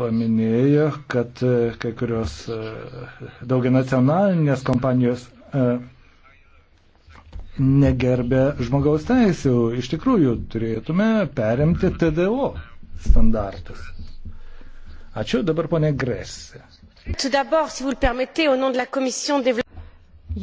paminėjo, kad e, kai kurios e, daugianacionalinės kompanijos e, negerbė žmogaus teisų. Iš tikrųjų, turėtume perimti TDO standartus. Ačiū dabar ponė Gresė. Tout d'abord, si vous le permettez, au nom de la Commission développement.